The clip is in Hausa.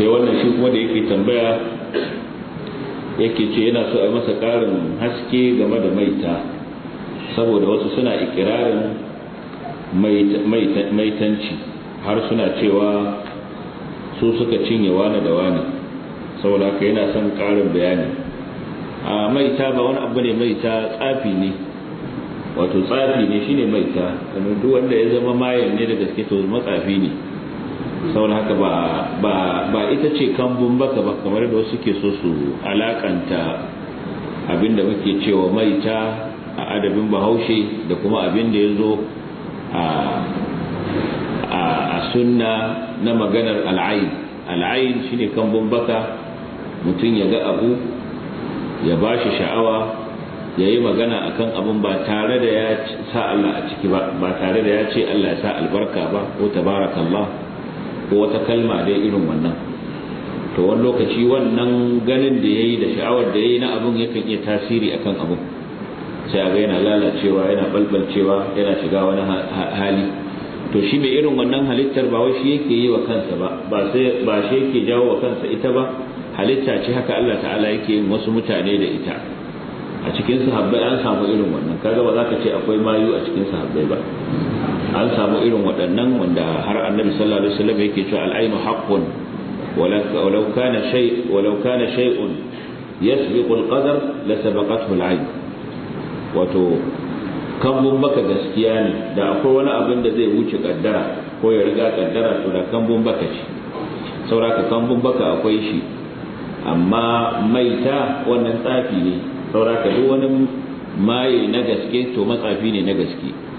sai wannan shi kuma da yake tambaya yake ce yana so a masa ƙarin haske game da maita saboda wasu suna ikirarin maitanci har suna cewa su suka cinye wani da wani saboda haka yana son ƙarin bayani a maita ba wani abu ne maita tsafi ne wato tsafi ne shine maita duk wanda ya zama mayan ne da gaske to matsafi ne saboda haka ba ita ce kambun baka ba kamar da wasu ke so su alakanta abin da muke cewa maita a adabin bahaushe da kuma abin da ya zo a sunna na maganar al'ayin al'ayin shine kambun baka mutum ya ga abu ya ba shi sha'awa ya yi magana akan abin ba tare da ya sa Allah a ciki ba ba tare da ya ce Allah ya sa albarka ba ko tabarakallah ko wata kalma dai irin wannan to wani lokaci wannan ganin da ya yi da sha'awar da ya yi na abin kan iya tasiri akan abin sai ga yana lalacewa yana balbalcewa yana shiga wani hali to shi mai irin wannan halittar ba wai shi yake yi wa kansa ba ba shi yake jawo wa kansa ita ba halitta ce haka Allah ta'ala yake yin wasu mutane da ita a cikin sahabbai an samu irin wannan kaga ba za ka ce akwai mayu a cikin sahabbai ba an samu irin waɗannan wanda har annabi sallallahu alaihi wasallam yake cewa al-ainu haqqun walau kana shay walau kana shay'un yasbiqu al-qadar la sabaqathu al-ain wato kambun baka gaskiya ne da akwai wani abin da zai wuce kaddara ko ya riga kaddara to da kambun baka ce sauraka kambun baka akwai shi amma maita wannan tsafi ne sauraka duk wani maye na gaske to matsafi ne na gaske